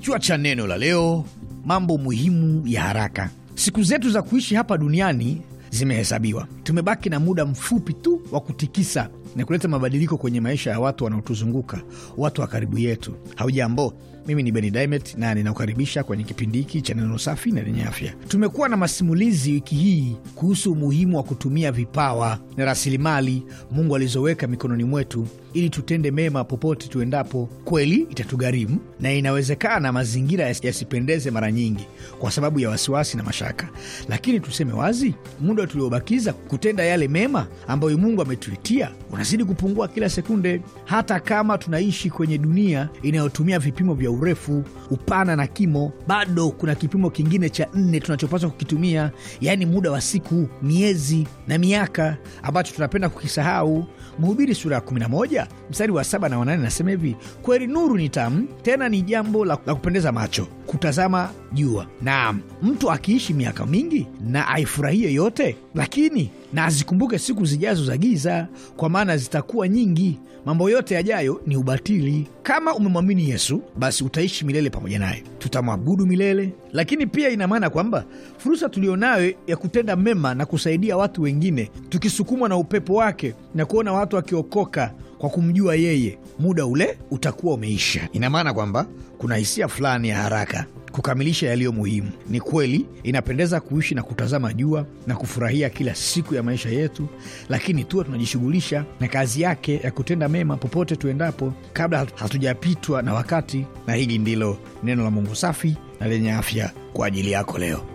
Kichwa cha neno la leo: mambo muhimu ya haraka. Siku zetu za kuishi hapa duniani zimehesabiwa. Tumebaki na muda mfupi tu wa kutikisa ni kuleta mabadiliko kwenye maisha ya watu wanaotuzunguka, watu wa karibu yetu. Haujambo, mimi ni Beni Dimet na ninakukaribisha kwenye kipindi hiki cha neno safi na lenye afya. Tumekuwa na masimulizi wiki hii kuhusu umuhimu wa kutumia vipawa na rasilimali Mungu alizoweka mikononi mwetu ili tutende mema popote tuendapo. Kweli itatugharimu na inawezekana mazingira yasipendeze mara nyingi kwa sababu ya wasiwasi na mashaka, lakini tuseme wazi, muda tuliobakiza kutenda yale mema ambayo Mungu ametuitia unazidi kupungua kila sekunde, hata kama tunaishi kwenye dunia inayotumia vipimo vya urefu, upana na kimo, bado kuna kipimo kingine cha nne tunachopaswa kukitumia, yaani muda wa siku, miezi na miaka, ambacho tunapenda kukisahau. Mhubiri sura ya 11 mstari wa 7 na 8 nasema hivi: kweli nuru ni tamu, tena ni jambo la kupendeza macho kutazama jua, na mtu akiishi miaka mingi na aifurahie yote, lakini na azikumbuke siku zijazo za giza, kwa maana zitakuwa nyingi. Mambo yote yajayo ni ubatili. Kama umemwamini Yesu, basi utaishi milele pamoja naye tutamwabudu milele. Lakini pia ina maana kwamba fursa nayo ya kutenda mema na kusaidia watu wengine, tukisukumwa na upepo wake na kuona watu wakiokoka kwa kumjua yeye, muda ule utakuwa umeisha. Ina maana kwamba kuna hisia fulani ya haraka kukamilisha yaliyo muhimu. Ni kweli inapendeza kuishi na kutazama jua na kufurahia kila siku ya maisha yetu, lakini tuwe tunajishughulisha na kazi yake ya kutenda mema popote tuendapo, kabla hatujapitwa na wakati. Na hili ndilo neno la Mungu safi na lenye afya kwa ajili yako leo.